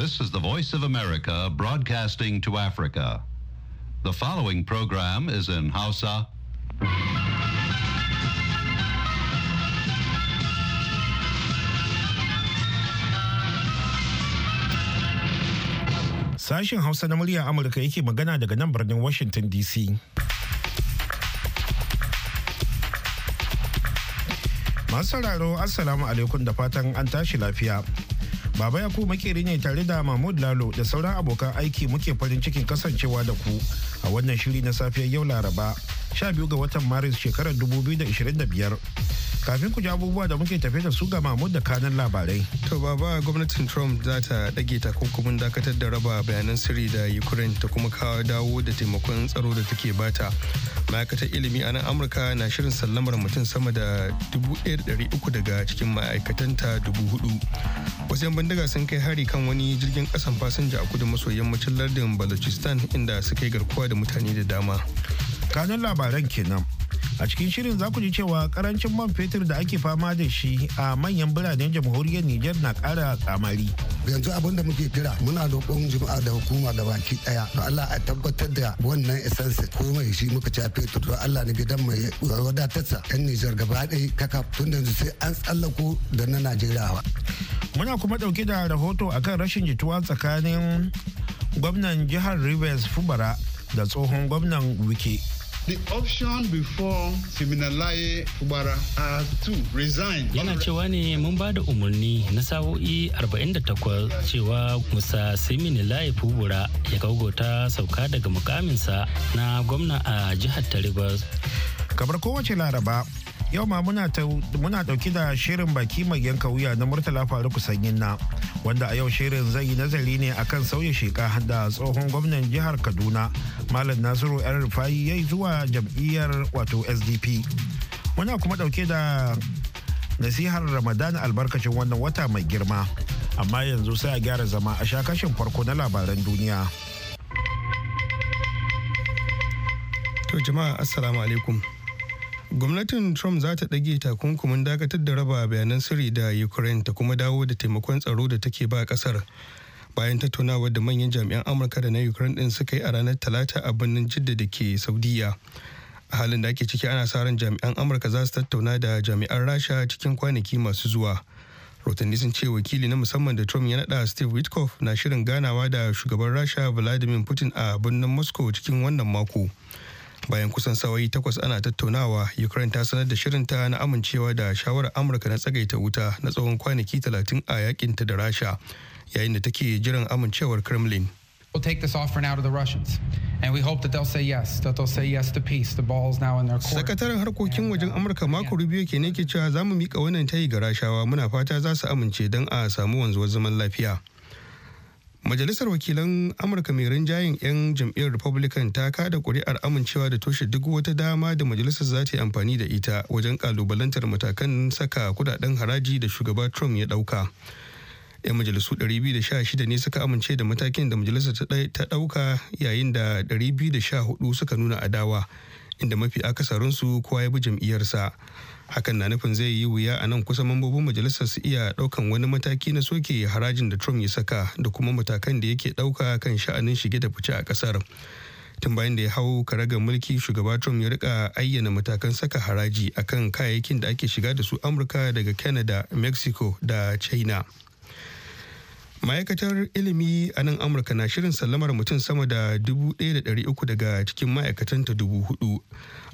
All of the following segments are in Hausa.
This is the Voice of America broadcasting to Africa. The following program is in Hausa. Sashen Hausa na murya Amurka yake magana daga nan birnin Washington DC. Masu sauraro, Assalamu alaikum da fatan an tashi lafiya. Baba Yakubu makeri ne tare da Mahmud Lalo da sauran abokan aiki muke farin cikin kasancewa da ku a wannan shiri na safiyar yau Laraba 12 ga watan Maris shekarar 2025. Kafin ku ji abubuwa da muke tafe da su ga Mahmud da kanan labarai. To baba gwamnatin Trump za ta dage takunkumin dakatar da raba bayanan sirri da Ukraine ta kuma kawo dawo da taimakon tsaro da take bata. ma'aikatar ilimi a nan amurka na shirin sallamar mutum sama da 1,300 daga cikin ma'aikatanta 4,000 wasu 'yan bindiga sun kai hari kan wani jirgin kasan fasinja a kudu maso yammacin lardin balochistan inda suka yi garkuwa da mutane da dama kanun labaran kenan a cikin shirin za ku ji cewa karancin man fetur da ake fama da shi a manyan biranen jamhuriyar Nijar na kara kamari. Yanzu abin da muke kira muna roƙon jama'a da hukuma da baki ɗaya to Allah a tabbatar da wannan essence ko mai shi muka ci fetur to Allah ne gidan mai wadatarsa ɗan Nijar gaba ɗaya kaka tun da yanzu sai an tsallako da na Najeriya. Muna kuma ɗauke da rahoto akan rashin jituwa tsakanin gwamnan jihar Rivers Fubara da tsohon gwamnan Wike. The option before Siminalaye has to resign. Yana cewa ne mun ba da umarni na sa'o'i 48 cewa Musa Siminalaye Fubura ya gaugota sauka daga mukaminsa na gwamna a jihar Taribas. Kamar kowace laraba yau ma muna dauki da shirin baki mai yanka wuya na murtala faruku sanyin na wanda a yau shirin zai yi nazari ne akan sauya sheka da tsohon gwamnan jihar kaduna malam nasiru yan rufayi ya yi zuwa jam'iyyar wato sdp muna kuma dauke da nasihar ramadan albarkacin wannan wata mai girma amma yanzu sai a gyara zama a sha kashin farko na labaran duniya to jama'a assalamu alaikum gwamnatin trump za ta ɗage takunkumin dakatar da raba bayanan sirri da ukraine ta kuma dawo da taimakon tsaro da take ba ƙasar bayan tattaunawa da manyan jami'an amurka da na ukraine ɗin suka yi a ranar talata a birnin jidda da ke saudiya a halin da ake ciki ana sa ran jami'an amurka za su tattauna da jami'an rasha cikin kwanaki masu zuwa rotanni sun ce wakili na musamman da trump ya naɗa steve witkoff na shirin ganawa da shugaban rasha vladimir putin a birnin moscow cikin wannan mako bayan kusan sawayi takwas ana tattaunawa ukraine ta sanar da shirinta na amincewa da shawarar amurka na tsagaita wuta na tsawon kwanaki talatin a yakinta da rasha yayin da take jiran amincewar kremlin We'll take this the Sakataren harkokin wajen Amurka mako Rubio ke ne ke cewa za mu mika wannan tayi ga Rashawa muna fata za su amince don a samu wanzuwar zaman lafiya. Majalisar wakilan Amurka mai rinjayen 'yan jam'iyyar Republican ta kada kuri'ar amincewa da toshe duk wata dama da majalisar za ta yi amfani da ita wajen kalubalantar matakan saka kudaden haraji da shugaba Trump ya ɗauka. 'Yan majalisu 216 ne suka amince da matakin da majalisar ta ɗauka yayin da 214 suka nuna adawa inda mafi akasarinsu kowa ya bi jam'iyyarsa. hakan na nufin zai yi wuya a nan kusa mambobin majalisar su iya daukan wani mataki na soke harajin da trump ya saka da kuma matakan da yake dauka kan sha'anin shige da fice a kasar tun bayan da ya hau karagar mulki shugaba trump ya rika ayyana matakan saka haraji akan kayayyakin da ake shiga da su amurka daga canada mexico da china ma'aikatar ilimi a nan amurka na shirin sallamar mutum sama da 1,300 daga cikin ma'aikatanta dubu hudu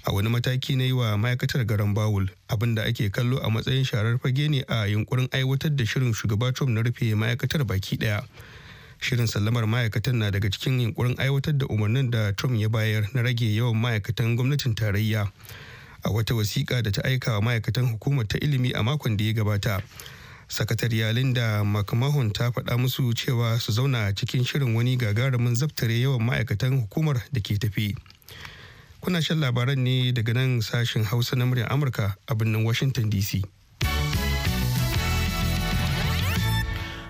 a wani mataki na yi wa ma'aikatar garan bawul abinda ake kallo a matsayin sharar fage ne a yunkurin aiwatar da shirin shugaba trump na rufe ma'aikatar baki daya shirin sallamar ma'aikatan na daga cikin yunkurin aiwatar da umarnin da trump ya bayar na rage yawan ma'aikatan gwamnatin tarayya a wata wasiƙa da ta aika wa ma'aikatan hukumar ta ilimi a makon da ya gabata sakatariya linda mcmahon ta faɗa musu cewa su zauna cikin shirin wani gagarumin zaftare yawan ma'aikatan hukumar da ke tafi kuna shan labaran ne daga nan sashen hausa na muryar amurka a birnin washington dc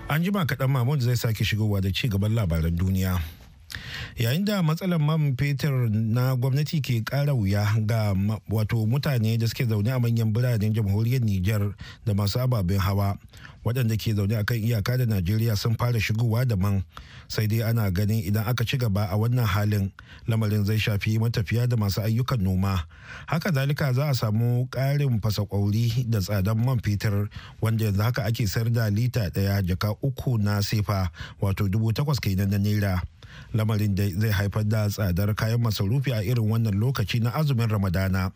an jima kaɗan mahmud zai sake shigowa da ci gaban labaran duniya yayin da matsalar man fetur na gwamnati ke kara wuya ga wato mutane da suke zaune a manyan biranen jamhuriyar niger da masu ababen hawa waɗanda ke zaune a kan iyaka da najeriya sun fara shigowa da man sai dai ana ganin idan aka ci gaba a wannan halin lamarin zai shafi matafiya da masu ayyukan noma haka zalika za a samu ƙarin fasa kwauri da tsadan man fetur wanda yanzu haka ake sayar da lita ɗaya jaka uku na sefa wato dubu takwas kenan na naira lamarin da zai haifar da tsadar kayan masarufi a irin wannan lokaci na azumin ramadana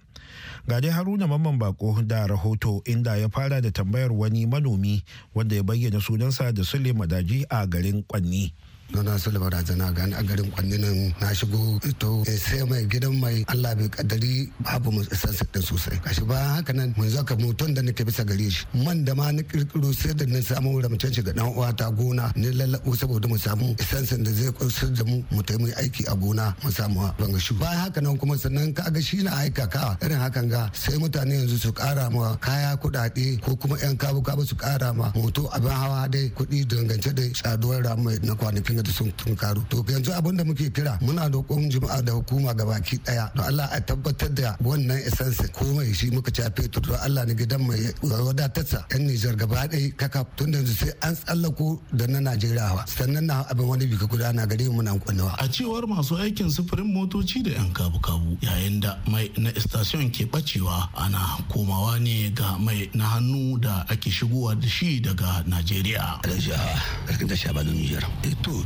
ga dai haruna mamman bako da rahoto inda ya fara da tambayar wani manomi wanda ya bayyana sunansa da sule madaji a garin kwanni nuna su barazana gani a garin kwanninan na shigo ito sai mai gidan mai allah bai kadari babu mu san din sosai kashi ba haka nan mun zaka mutum da nake bisa gare shi man da ma na kirkiro sai da na samu ramcen shi ga dan uwa ta gona ni lallabo saboda mu samu sansan da zai kusur da mu mu taimu aiki a gona mu samu bangashu ba haka nan kuma sannan ka ga shi na aika ka irin hakan ga sai mutane yanzu su kara ma kaya kuɗaɗe ko kuma yan kabu kabu su kara ma moto abin hawa dai kuɗi dangance da tsaduwar ramai na kwanakin shiga da sun tunkaru to yanzu abin da muke kira muna roƙon jama'a da hukuma baki daya don Allah a tabbatar da wannan essence komai shi muka ci a fetur don Allah ne gidan mai wadatarsa yan Nijar gaba ɗaya kaka tun da yanzu sai an tsallako da na Najeriya wa sannan na abin wani bika gudana gare mu nan kwanawa. A cewar masu aikin sufurin motoci da yan kabu-kabu yayin da mai na station ke bacewa ana komawa ne ga mai na hannu da ake shigowa da shi daga Najeriya. Alhaji a ƙarƙin tasha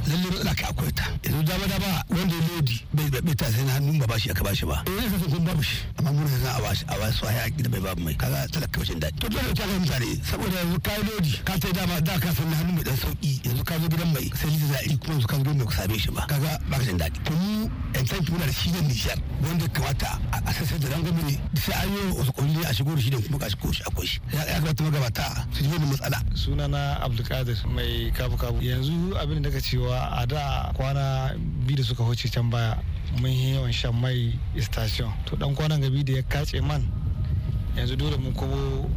lalle matsala ka akwai ta yanzu dama dama wanda ya lodi bai bai ta sai hannun ba bashi aka bashi ba eh ne sai kun babu shi amma mun yanzu a bashi a bashi sai haƙi da bai babu mai kaga talaka bashin daɗi to dole ka ga mutane saboda yanzu ka lodi ka sai dama da ka san hannun mai dan sauki yanzu ka zo gidan mai sai lita za'i kuma yanzu ka zo mai ku same shi ba kaga ba ka san daɗi to mu yan tanki muna da shi da nishar wanda kamata a sassa da rangwame ne sai an yi wasu kulli a shigo da shi da kuma ka shigo shi akwai shi ya kamata magabata su ji wani matsala sunana abdulkadir mai kabu kabu yanzu abin da ka cewa cewa a da kwana biyu da suka wuce can baya mun yi yawan shan mai station to dan kwanan gabi da ya kace man yanzu dole mun kubo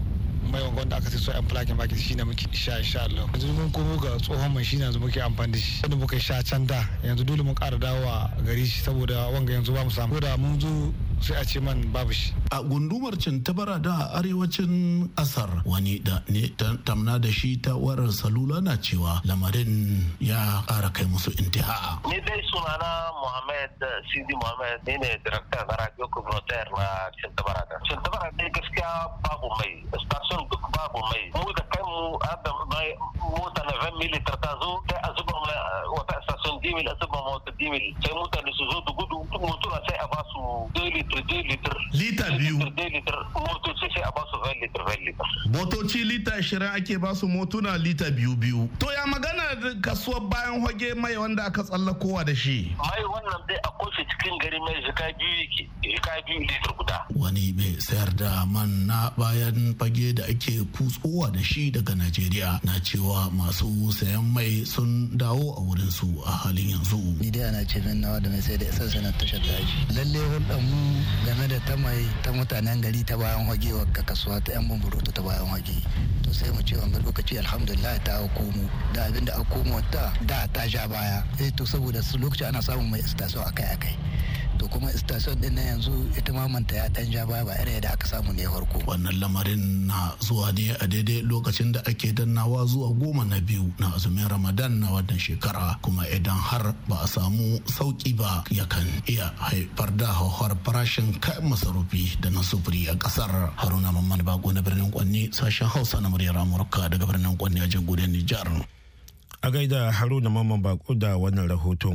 mai wanda aka sai so yan plakin baki shi ne muke sha insha Allah yanzu mun kubo ga tsohon mai shi ne yanzu muke amfani da shi wanda muka sha can da yanzu dole mun ƙara dawowa gari shi saboda wanga yanzu ba mu samu da mun zo sai a ce man babu shi a gundumar cintabara da a arewacin asar wani da ne tamna da shi ta warar salula na cewa lamarin ya kara kai musu intiha ni dai sunana muhammad eh, sidi muhammad ni ne director na radio communautaire na cintabara da cintabara dai gaskiya babu mai station duk babu mai mu da kai mu da 20 militar ta zo sai a zuba mai eh, wata dimil a zuba ma wata dimil sai mutane su zo da gudu duk sai a ba su 2 litir 2 litir lita biyu motoci sai a ba su 20 litir 20 litir motoci lita 20 ake ba su motuna lita biyu biyu to ya magana da kasuwar bayan hoge mai wanda aka tsallakowa da shi mai wannan dai a kofi cikin gari mai zika biyu yake jika biyu litir guda wani mai sayar da man na bayan fage da ake kutsowa da shi daga najeriya na cewa masu sayan mai sun dawo a su a halin yanzu. Ni dai ana ce min nawa da mai sai da isar sanar tashar aji. Lalle hulɗar mu game da ta mai ta mutanen gari ta bayan hage wa kasuwa ta 'yan bumburutu ta bayan hage. To sai mu ce wanga lokaci alhamdulillah ta komo da abin da a komo ta da ta sha baya. Eh to saboda lokaci ana samun mai istasau akai-akai. to kuma station din na yanzu ita ma manta ya dan ja baya ba irin da aka samu ne farko wannan lamarin na zuwa ne a daidai lokacin da ake dannawa zuwa goma na biyu na azumin ramadan na wannan shekara kuma idan har ba a samu sauki ba yakan iya haifar da hauhar farashin kayan masarufi da na sufuri a kasar haruna mamman bako na birnin kwanne sashen hausa na muryar amurka daga birnin kwanne a jamhuriyar nijar a gaida haruna mamman bako da wannan rahoton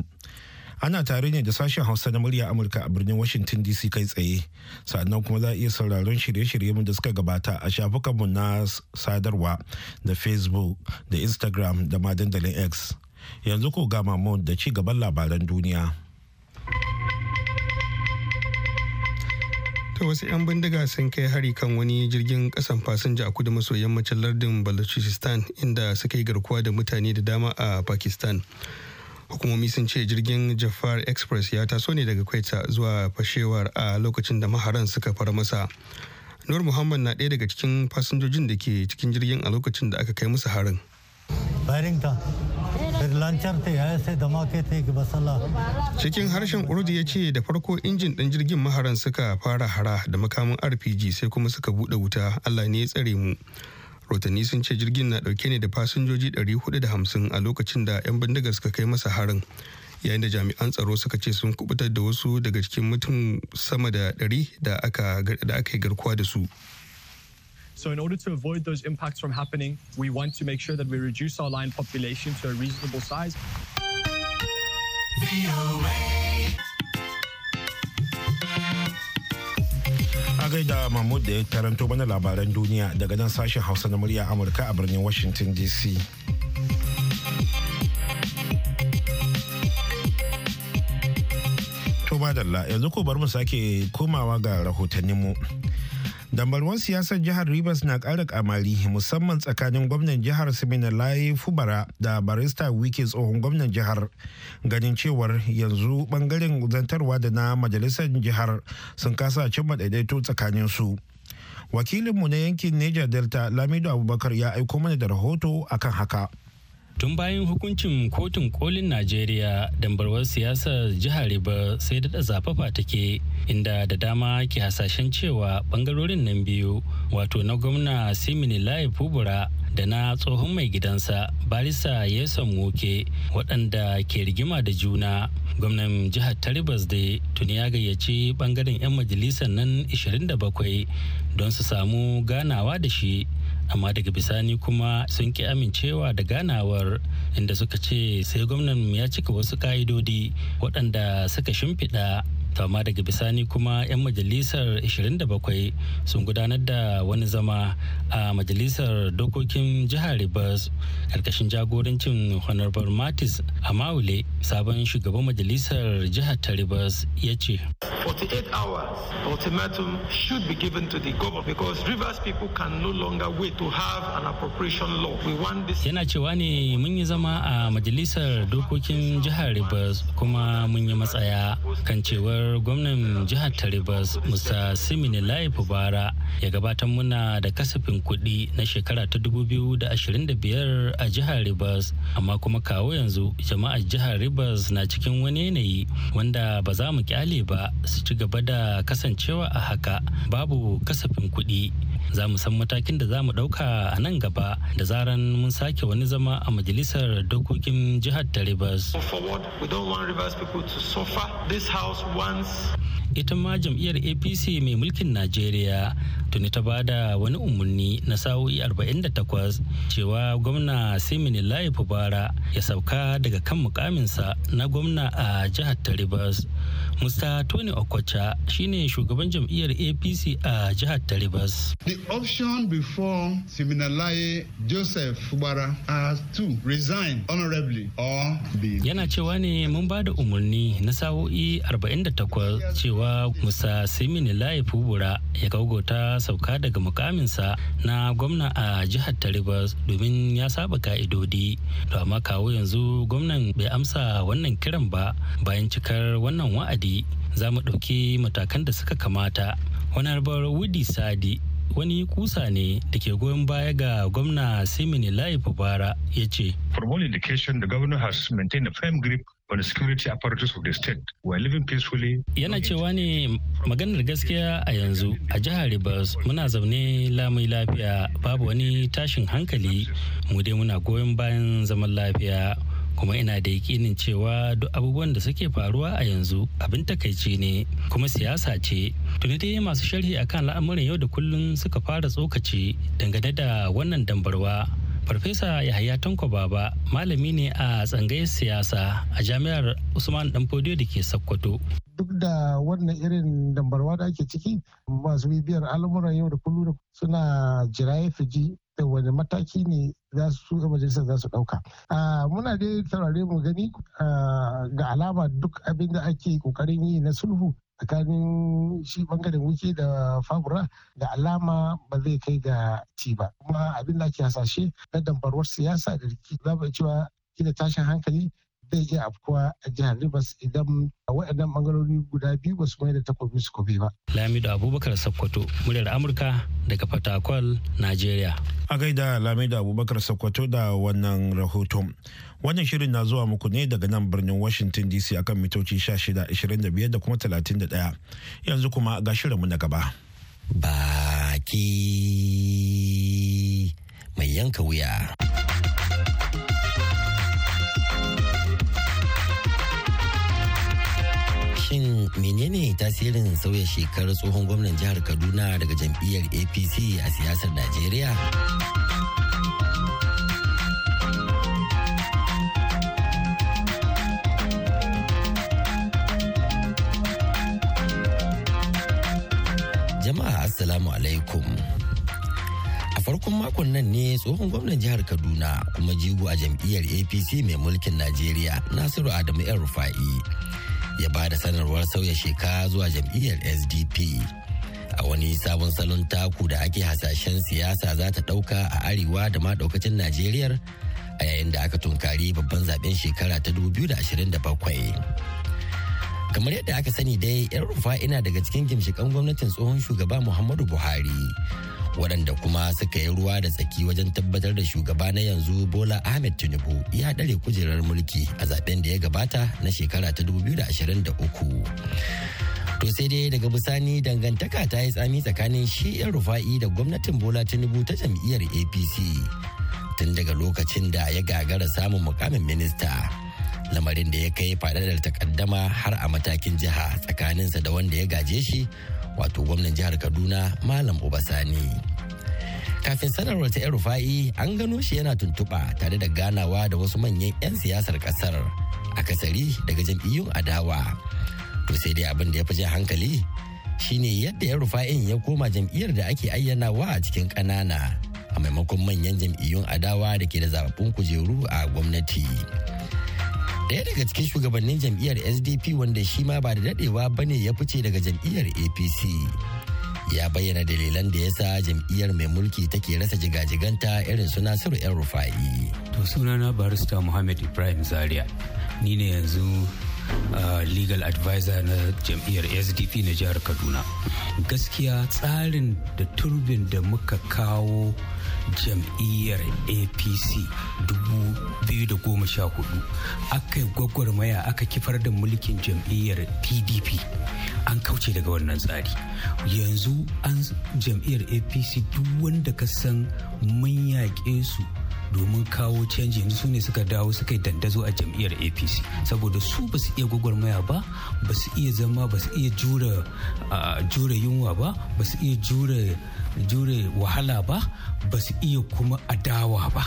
ana tare ne da sashen hausa na murya amurka a birnin washington dc kai tsaye sannan kuma za a iya sauraron shirye shiryen da suka gabata a shafukanmu na sadarwa da facebook da instagram da ma dandalin x yanzu ko ga mamun da ci gaban labaran duniya ta wasu 'yan bindiga sun kai hari kan wani jirgin kasan fasinja a kudu maso yammacin lardin balochistan inda suka yi garkuwa da mutane da dama a pakistan hukumomi sun ce jirgin jafar express ya taso ne daga kwaita zuwa fashewar a lokacin da maharan suka fara masa nur muhammad na ɗaya daga cikin fasinjojin da ke cikin jirgin a lokacin da aka kai musu harin cikin harshen urdu ya ce da farko injin ɗin jirgin maharan suka fara hara da makamin rpg sai kuma suka buɗe wuta allah ne ya tsare mu rotanni sun ce jirgin na dauke ne da fasinjoji 450 a lokacin da 'yan bindigar suka kai masa harin yayin da jami'an tsaro suka ce sun kubutar da wasu daga cikin mutum sama da 100 da aka yi garkuwa da su So in order to avoid those impacts from happening, we want to make sure that we reduce our lion population to a reasonable size. gaida Mahmud da ya taranto mana labaran duniya daga nan sashen Hausa na murya Amurka a birnin Washington DC. To madalla yanzu ko bar mu sake komawa ga rahotanninmu. mu. dambalwan siyasar jihar rivers na ƙara kamari musamman tsakanin gwamnan jihar siminalaye fubara da barista wike tsohon gwamnan jihar ganin cewar yanzu bangaren zantarwa da na majalisar jihar sun kasa cimma daidaito tsakanin su wakilinmu na yankin niger delta lamido abubakar ya aiko mana da rahoto akan haka tun bayan hukuncin kotun kolin najeriya dambarwar siyasar jihar riba sai daɗa zafafa take inda da dama ke hasashen cewa ɓangarorin nan biyu wato na gwamna simini layi fubura da na tsohon mai gidansa barisa yeson woke waɗanda ke rigima da juna gwamnan jihar taribas da tuni ya gayyaci bangaren 'yan majalisar nan 27 don su samu ganawa da shi amma daga bisani kuma sun ki amincewa da ganawar inda suka ce sai gwamnan ya cika wasu ka'idodi waɗanda suka shimfiɗa amma daga bisani kuma 'yan majalisar 27 sun gudanar da wani zama a majalisar dokokin jihar ribas karkashin jagorancin honorable martis a maule sabon shugaban majalisar jihar ta ya ce 48 hours ultimatum should be given to the government because rivers people can no longer wait to have an appropriation law we want this yana cewa ne mun yi zama a majalisar dokokin jihar rivers kuma mun yi matsaya kan cewar gwamnan jihar ta musa simini lai fubara ya gabatar muna da kasafin kuɗi na shekara ta 2025 a jihar Rivers amma kuma kawo yanzu jama'ar jihar Rivers na cikin wani yanayi wanda ba za mu kyale ba su ci gaba da kasancewa a haka babu kasafin kuɗi za mu san matakin da za mu ɗauka a nan gaba da zaran mun sake wani zama a majalisar dokokin jihar ta Rivers. Ita ma jam'iyyar APC mai mulkin Najeriya tuni ta ba da wani umarni na sa'o'i 48 cewa gwamna Simini Layi Fubara ya sauka daga kan mukaminsa na gwamna a jihar ta Rivers. Mr. Tony Okocha shine shugaban jam'iyyar APC a jihar Taribas. The option before Siminalaye Joseph Fubara has to resign honorably or be. Yana cewa ne mun ba da umarni na sa'o'i 48 cewa Musa Siminalaye Fubara ya gaugota sauka daga mukaminsa na gwamna a jihar Taribas domin ya saba ka'idodi. To amma kawo yanzu gwamnan bai amsa wannan kiran ba bayan cikar wannan wa'adi sadi za mu ɗauki matakan da suka kamata honorable wudi sadi wani kusa ne da ke goyon baya ga gwamna simini layi fubara ya ce from all indication the governor has maintained a firm grip on security apparatus of the yana cewa ne maganar gaskiya a yanzu a jihar rivers muna zaune lamai lafiya babu wani tashin hankali mu dai muna goyon bayan zaman lafiya kuma ina da yakinin cewa duk abubuwan da suke faruwa a yanzu abin takaici ne kuma siyasa ce tuni dai masu sharhi akan al'amuran yau da kullum suka fara tsokaci dangane da wannan dambarwa farfesa yahaya tanko baba malami ne a tsangayar siyasa a jami'ar usman danfodiyo da ke sokoto duk da wannan irin dambarwa da ake ciki masu bibiyar al'amuran yau da kullum suna jiraye fiji da wani mataki ne za su ga majalisar za su ɗauka. Muna da taurare mu gani ga alama duk abin da ake kokarin yi na sulhu tsakanin shi bangaren wuke da fabura da alama ba zai kai ga ci ba kuma abin da ake hasashe na dambarwar siyasa da rikici za mu cewa da tashin hankali zai iya afkuwa a jihar Rivers idan a waɗannan bangarori guda biyu ba su mai da takobi su kobe ba. Lamido Abubakar Sokoto, muryar Amurka daga Fatakwal, Najeriya. A gaida Lamido Abubakar Sokoto da wannan rahoto. Wannan shirin na zuwa muku ne daga nan birnin Washington DC akan mitoci 16, 25 da kuma 31. Yanzu kuma ga shirinmu na gaba. Baki mai yanka wuya. menene tasirin sauya shekarar tsohon gwamnan jihar kaduna daga jam'iyyar apc a siyasar najeriya jama'a assalamu alaikum a farkon makon nan ne tsohon gwamnan jihar kaduna kuma jigo a jam'iyyar apc mai mulkin najeriya nasiru adamu yan rufa'i ya ba da sanarwar sauya sheka zuwa jam'iyyar sdp a wani sabon salon taku da ake hasashen siyasa za ta ɗauka a arewa da maɗaukacin ɗaukacin najeriya a yayin da aka tunkari babban zaben shekara ta 2027 kamar yadda aka sani dai yan rufa ina daga cikin gimshikan gwamnatin tsohon shugaba muhammadu buhari waɗanda kuma suka yi ruwa da tsaki wajen tabbatar da shugaba na yanzu bola ahmed tinubu ya ɗare kujerar mulki a zaben da ya gabata na shekara ta 2023 to sai dai daga bisani dangantaka ta yi tsami tsakanin shi yan rufa'i da gwamnatin bola tinubu ta jam'iyyar apc tun daga lokacin da ya gagara samun mukamin minista lamarin da ya kai fadadar takaddama har a matakin jiha tsakaninsa da wanda ya gaje shi wato gwamnan jihar kaduna malam obasani kafin sanarwar ta rufa'i an gano shi yana tuntuɓa tare da ganawa da wasu manyan 'yan siyasar kasar akasari daga jam'iyyun adawa to sai dai abin da ya fi jan hankali shine yadda ya rufa'in ya koma jam'iyyar da ake ayyanawa a cikin ƙanana a maimakon manyan jam'iyyun adawa da ke da zababbun kujeru a gwamnati. Daya daga cikin shugabannin jam'iyyar SDP wanda shi ma ba da dadewa ne ya fice daga jam'iyyar APC. Ya bayyana dalilan da ya sa jam'iyyar mai mulki take rasa jigajiganta irin su Nasiru 'yan Rufa'i. To sunana barista Muhammad Ibrahim Zaria. Ni ne yanzu legal advisor na jam'iyyar sdp na jihar kaduna gaskiya tsarin da turbin da muka kawo jam'iyyar apc 2014 aka yi gwagwarmaya aka kifar da mulkin jam'iyyar pdp an kauce daga wannan tsari yanzu an jam'iyyar apc duk wanda ka san mun yaƙe su domin kawo canji yanzu su ne suka dawo suka yi dandazo a jam'iyyar apc saboda su ba su iya gwagwarmaya ba ba su iya zama ba su iya jura ah, yunwa ba ba su iya jura jure wahala ba ba su iya kuma adawa ba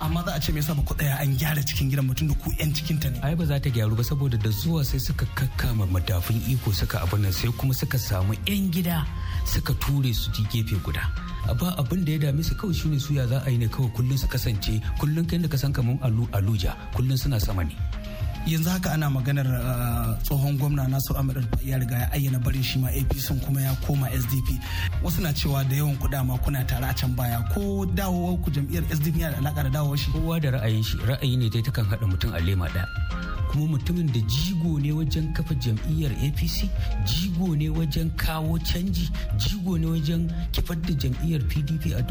amma za a ce me yasa ba ku an gyara cikin gidan mutum da ku yan cikin ta ne ai ba za ta gyaru ba saboda da zuwa sai suka kakkama madafun iko suka abin nan sai kuma suka samu yan gida suka ture su ji gefe guda ba abin da ya dame su kawai shine suya za a yi ne kawai kullun su kasance kullun kai da kasan kaman alu aluja kullun suna sama ne yanzu haka ana maganar ah, tsohon gwamna nasu Ahmed ya riga ya ayyana barin shi ma APC kuma ya koma SDP wasu na cewa da yawan kuɗa ma kuna tare a can baya ko dawowar ku jam'iyyar SDP yana da alaka da dawowar shi kowa da ra'ayin shi ra'ayi ne dai takan haɗa mutum a lema ɗaya kuma mutumin da jigo ne wajen kafa jam'iyyar APC jigo ne wajen kawo canji jigo ne wajen kifar da jam'iyyar PDP a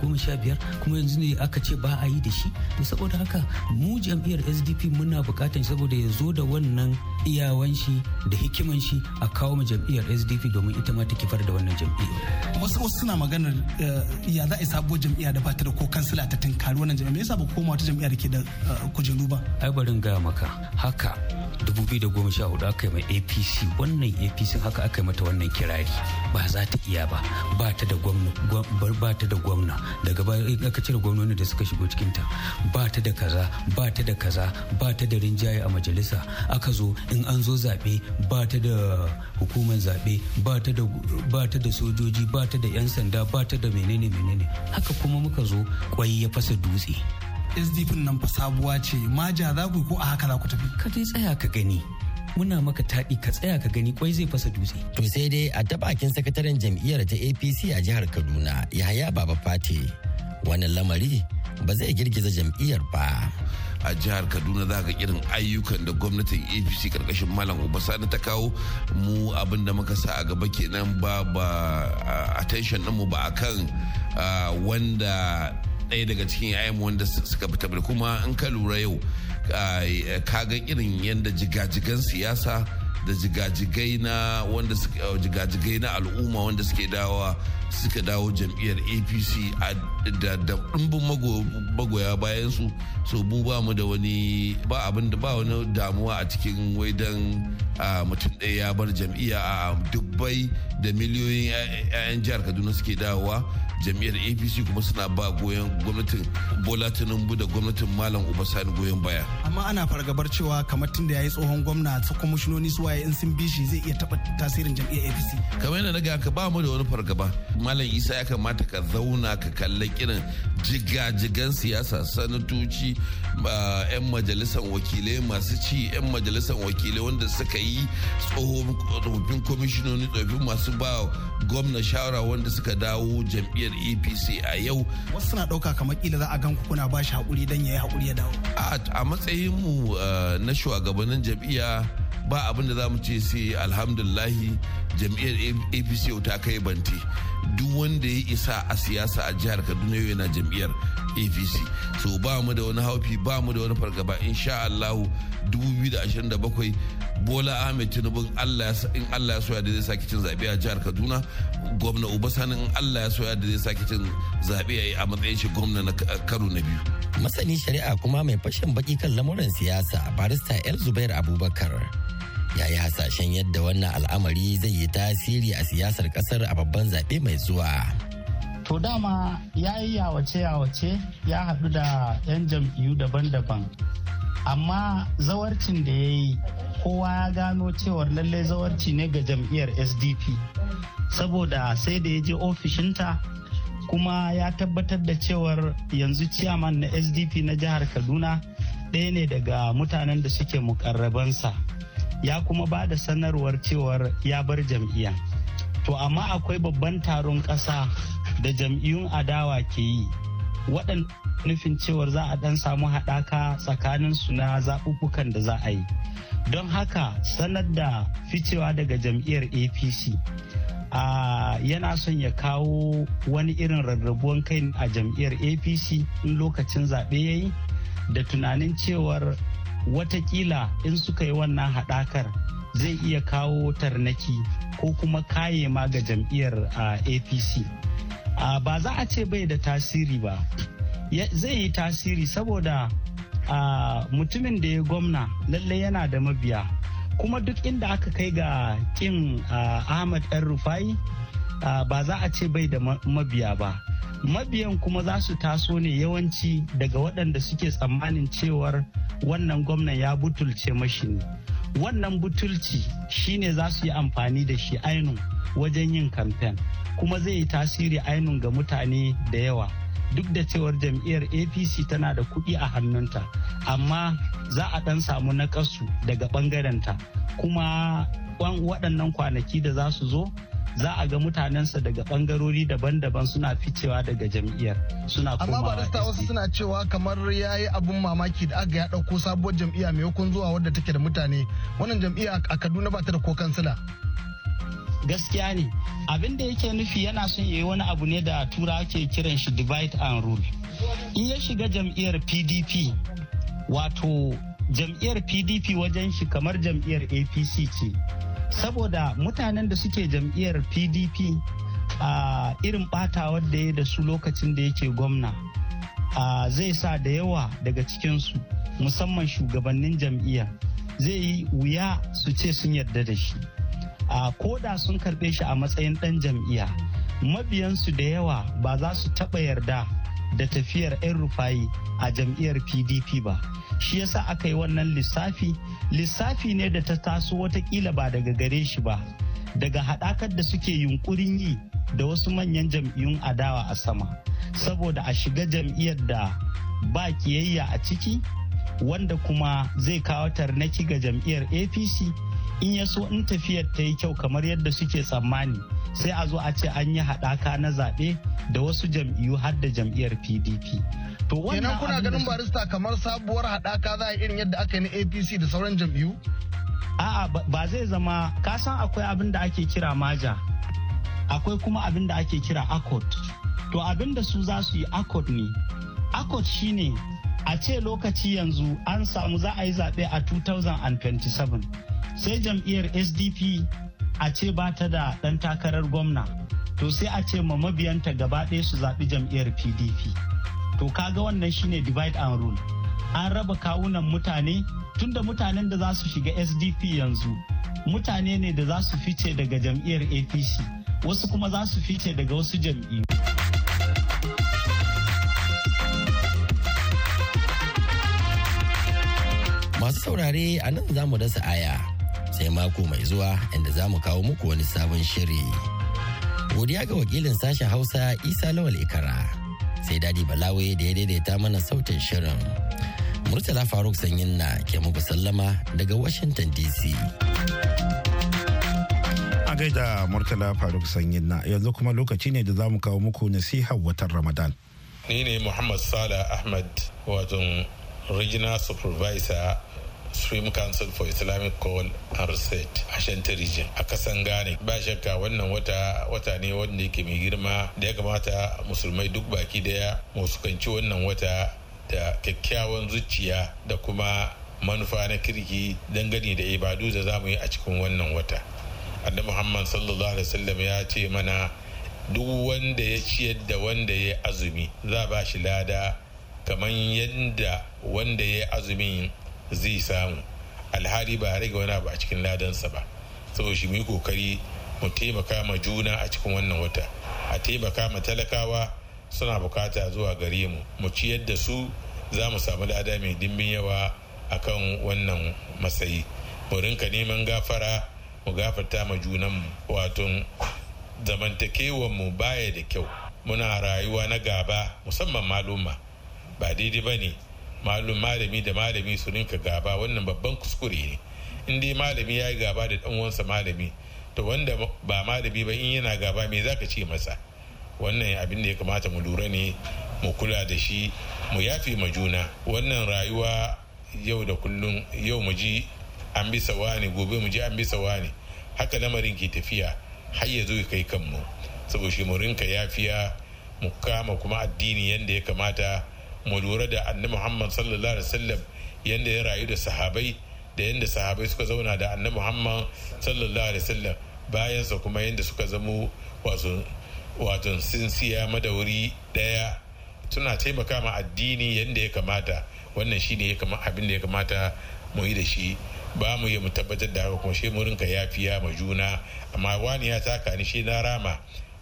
goma sha biyar kuma yanzu ne aka ce ba a yi da shi to saboda haka mu jam'iyyar SDP muna bukatar saboda ya zo da wannan iyawan shi da hikiman shi a kawo ma jam'iyyar sdp domin ita ma ta kifar da wannan jam'iyyar wasu wasu suna maganar eh, ya za a sabuwar jam'iyya da ba ta da ko kansila ta tunkari wannan jam'iyya me yasa ba koma wata jam'iyya da ke da eh, kujeru ba ai barin gaya maka haka 2014 aka yi mai apc wannan apc haka aka yi mata wannan kirari ba za ta iya ba ba ta da gwamna ba ta da gwamna daga baya aka cire gwamnoni da suka shigo cikinta ba ta da kaza ba ta da kaza ba ta da rinjaye yi a majalisa aka zo in an zo zaɓe ba ta da hukumar zaɓe ba ta da sojoji ba ta da 'yan sanda ba ta da menene menene haka kuma muka zo kwai ya fasa dutse sdp nan fa sabuwa ce maja za ku ko a haka za ku tafi ka dai tsaya ka gani muna maka taɗi ka tsaya ka gani kwai zai fasa dutse. To sai dai a tabakin sakataren jam'iyyar ta APC a jihar Kaduna Yahaya Baba Fati wannan lamari ba zai girgiza jam'iyyar ba. a jihar kaduna za ka irin ayyukan da gwamnatin apc karkashin malam obasani ta kawo mu abin da muka sa a gaba kenan ba ba attention mu ba akan wanda ɗaya daga cikin yayan wanda suka fita kuma in ka lura yau kagan irin yadda jigajigan siyasa da jigajigai na al'umma wanda suke dawa suka dawo jam'iyyar apc da ɗumbin magoya bayansu su so mu ba mu da wani ba abin da ba wani damuwa a cikin waidan mutum ɗaya ya bar jam'iyya a dubbai da miliyoyin 'ya'yan jihar kaduna suke dawowa jam'iyyar apc kuma suna ba goyon gwamnatin bola tinubu da gwamnatin malam uba sani goyon baya amma ana fargabar cewa kamar tun da ya yi tsohon gwamna su kwamishinoni suwaye in sun bi zai iya taɓa tasirin jam'iyyar apc kamar yadda na ga ka ba mu da wani fargaba malam isa ya kamata ka zauna ka kalli kiran jigan siyasa sanatoci yan majalisar wakilai masu ci yan majalisar wakilai wanda suka yi tsofaffin kwamishinoni tsofin masu ba gwamna shawara wanda suka dawo jam'iyyar apc a yau wasu suna ɗauka kamar kila za a gan ku kuna ba shi haƙuri don ya yi haƙuri ya dawo a matsayin mu eh, na shugabannin jam'iyya ba abin da za mu ce sai alhamdulahi jam'iyyar apc ta kai banti duk wanda ya isa a siyasa a jihar kaduna yau yana jam'iyyar apc so ba mu da wani haufi ba mu da wani fargaba insha allahu 2027 bola ahmed tinubu allah in allah ya soya da zai sake cin zaɓe a jihar kaduna gwamna ubasanin in allah ya soya da zai sake cin zaɓe a matsayin shi gwamna na karo na biyu masani shari'a kuma mai fashin baki kan lamuran siyasa barista el zubair abubakar ya yi hasashen yadda wannan al'amari zai yi tasiri a siyasar kasar a babban zaɓe mai zuwa. To dama ya yi yawace-yawace ya haɗu da 'yan jam'iyyu daban-daban. Amma zawarcin da ya yi kowa ya gano cewar lallai zawarci ne ga jam'iyyar SDP. Saboda sai da ya je ofishinta kuma ya tabbatar da cewar yanzu ciyaman na SDP na jihar Kaduna ɗaya ne daga mutanen da suke mukarrabansa. ya kuma ba da sanarwar cewar ya bar jam'iyya to amma akwai babban taron ƙasa da jam'iyyun adawa ke yi waɗan nufin cewar za a ɗan samu haɗaka tsakanin su na zaɓuɓɓukan da za a yi don haka sanar da ficewa daga jam'iyyar apc a yana son ya kawo wani irin rarrabuwan kai a jam'iyyar apc in lokacin zaɓe ya yi da tunanin cewar watakila in suka yi wannan haɗakar zai iya kawo tarnaki ko kuma kaye ma ga jam'iyyar apc ba za a ce bai da tasiri ba zai yi tasiri saboda mutumin da ya gwamna lallai yana da mabiya kuma duk inda aka kai ga kin ahmad yan rufai ba za a ce bai da mabiya ba mabiyan kuma za su taso ne yawanci daga waɗanda suke tsammanin cewar wannan gwamnan ya butulce mashi ne wannan butulci shine za su yi amfani da shi ainun wajen yin kamfen kuma zai yi tasiri ainun ga mutane da yawa duk da cewar jam'iyyar apc tana da kuɗi a hannunta amma za a ɗan samu naƙasu daga ɓangarenta kuma waɗannan kwanaki da za su zo za a ga mutanensa daga bangarori daban-daban suna ficewa daga jam'iyyar suna amma barista wasu suna cewa kamar ya yi abun mamaki da aka ya ɗauko sabuwar jam'iyya maimakon zuwa wadda take da mutane wannan jam'iyya a kaduna ba ta da ko kansila gaskiya ne abin da yake nufi yana son yayi wani abu ne da tura ke kiran shi divide and rule in ya shiga jam'iyyar pdp wato jam'iyyar pdp wajen shi kamar jam'iyyar apc ce saboda mutanen da suke jam'iyyar pdp a irin ɓatawa da ya da su lokacin da yake gwamna zai sa da yawa daga cikinsu musamman shugabannin jam'iyya zai yi wuya su ce sun yarda da shi a da sun karɓe shi a matsayin ɗan jam'iyya mabiyansu da yawa ba za su taɓa yarda da tafiyar 'yan rufayi a jam'iyyar pdp ba shi yasa aka yi wannan lissafi lissafi ne da ta taso watakila ba daga gare shi ba daga haɗakar da suke yunkurin yi da wasu manyan jam'iyyun adawa a sama saboda a shiga jam'iyyar da ba kiyayya a ciki wanda kuma zai kawo tarnaki ga jam'iyyar apc in ya so in tafiyar ta yi kyau kamar yadda suke tsammani sai a zo a ce an yi haɗaka na zaɓe da wasu jam'iyyu har da jam'iyyar pdp to wannan kuna ganin barista kamar sabuwar haɗaka za a irin yadda aka yi na apc da sauran jam'iyyu a'a ba zai zama Ka san akwai abin da ake kira maja akwai kuma abin da ake kira accord to abin da su za su yi accord ne accord shine a ce lokaci yanzu an samu za a yi zaɓe a 2027 sai jam'iyyar sdp a ce ba ta da ɗan takarar gwamna to sai a ce ma mabiyanta gaba ɗaya su zaɓi jam'iyyar pdp to kaga wannan shine divide and rule an raba kawunan mutane tunda mutanen da za su shiga sdp yanzu mutane ne da za su fice daga jam'iyyar apc wasu kuma za su fice daga wasu jam'iyyu masu saurare a nan za mu dasa aya sai mako mai zuwa inda za mu kawo muku wani sabon shiri. Godiya ga wakilin sashen Hausa Isa Lawal Ikara, sai Dadi Balawe da ya daidaita mana sautin shirin. Murtala Faruk Sanyin na ke muku sallama daga Washington DC. A gaida Murtala Faruk Sanyin na yanzu kuma lokaci ne da za mu kawo muku nasihar watan Ramadan. Ni ne Muhammad Sala Ahmad wato Regional Supervisor Supreme Council for Islamic Call and Reset a Shanta Region a kasan Ghana. Ba shakka wannan wata wata ne wanda yake mai girma da ya kamata musulmai duk baki daya kanci wannan wata da kyakkyawan zuciya da kuma manufa na kirki dangane da ibadu da za mu yi a cikin wannan wata. Annabi Muhammad sallallahu alaihi wasallam ya ce mana duk wanda ya ciyar da wanda ya azumi za ba shi lada kamar yadda wanda ya azumin zai samu alhali ba a rage wani abu a cikin ladansa ba saboda shi mu yi kokari mu taimaka ma juna a cikin wannan wata a taimaka ma talakawa suna bukata zuwa gare mu mu ciyar da su za mu samu lada mai dimbin yawa a kan wannan matsayi mu rinka neman gafara mu gafarta ma junanmu wato zamantakewanmu baya da kyau muna rayuwa na gaba musamman maluma ba daidai ba ne malum malami da malami su rinka gaba wannan babban kuskure ne in dai malami ya yi gaba da dan uwansa malami to wanda ba malami ba in yana gaba me zaka ce masa wannan abin da ya kamata mu lura ne mu kula da shi mu yafe ma juna wannan rayuwa yau da kullum yau mu ji an bi sawa ne gobe mu ji an bi sawa ne haka lamarin ke tafiya har ya zo kai kanmu saboda shi mu rinka yafiya mu kama kuma addini yadda ya kamata mu lura da annabi muhammad sallallahu alaihi wasallam yadda ya rayu da sahabai da yadda sahabai suka zauna da annabi muhammad sallallahu alaihi wasallam sa kuma yadda suka zamo wato sun siya madawuri daya suna taimaka ma addini yadda ya kamata wannan shine abin da ya kamata mu yi da shi ba mu yi mu tabbatar da haka kuma shi mu rinka yafiya ma juna amma wani ya taka ni shi na rama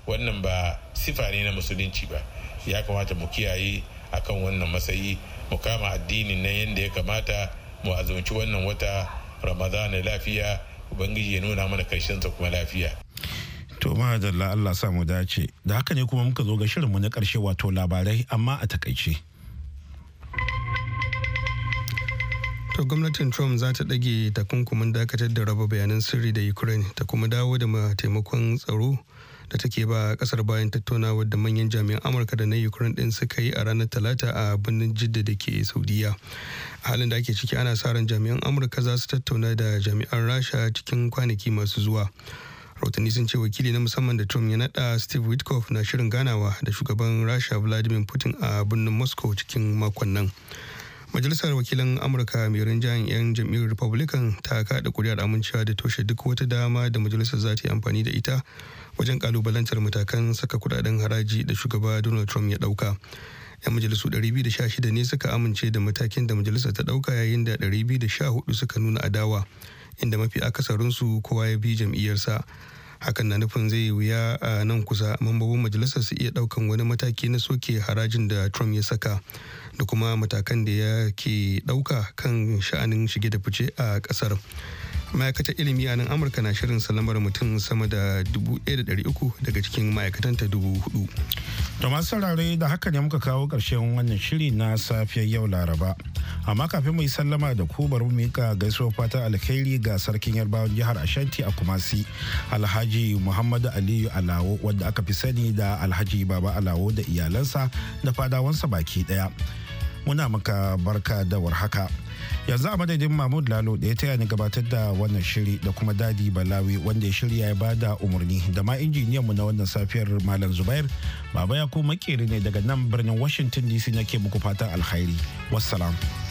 wannan ba sifa ne na musulunci ba ya kamata mu kiyaye akan wannan matsayi mu kama addinin na yadda ya kamata mu azumci wannan wata ramadana lafiya ubangiji ya nuna mana karshensa kuma lafiya to mahajalla Allah sa mu dace da haka ne kuma muka zo ga shirinmu na karshe wato labarai amma a takaice To gwamnatin Trump za ta ɗage takunkumin dakatar da raba bayanan sirri da Ukraine ta kuma dawo da taimakon tsaro da take ba kasar bayan tattaunawar da manyan jami'an amurka da na ukraine din suka yi a ranar talata a birnin jidda da ke saudiya a halin da ake ciki ana sa ran jami'an amurka za su tattauna da jami'an rasha cikin kwanaki masu zuwa rahotanni sun ce wakili na musamman da trump ya nada steve witkoff na shirin ganawa da shugaban rasha vladimir putin a birnin moscow cikin makon nan majalisar wakilan amurka mai rinjayen 'yan jam'iyyar republican ta kaɗa kuri'ar amincewa da toshe duk wata dama da majalisar za ta yi amfani da ita wajen kalubalantar matakan saka kudaden haraji da shugaba donald trump ya dauka yan majalisu 216 ne suka amince da matakin da majalisa ta dauka yayin da 214 suka nuna adawa inda mafi akasarinsu kowa ya bi jam'iyyarsa hakan na nufin zai wuya a nan kusa mambobin majalisa su iya daukan wani mataki na soke harajin da trump ya saka da kuma matakan da ya ke dauka kan sha'anin shige da fice a kasar ma'aikatar ilimi a nan amurka na shirin salamar mutum sama da 1,300 daga cikin ma'aikatanta 4,000 da masu saurare da haka ne muka kawo ƙarshen wannan shiri na safiyar yau laraba amma kafin mu yi sallama da ku bari mu mika gaisuwar fata alkhairi ga sarkin yarbawan jihar ashanti a kumasi alhaji muhammadu aliyu alawo wadda aka fi sani da alhaji baba alawo da iyalansa da fadawansa baki daya muna maka barka da warhaka yanzu a madadin mahmud lalo da ya taya ni gabatar da wannan shiri da kuma dadi balawi wanda ya shirya ya bada umarni da ma injiniyan mu na wannan safiyar malam zubair baba ya ko makeri ne daga nan birnin washington dc nake muku fatan alkhairi wassalam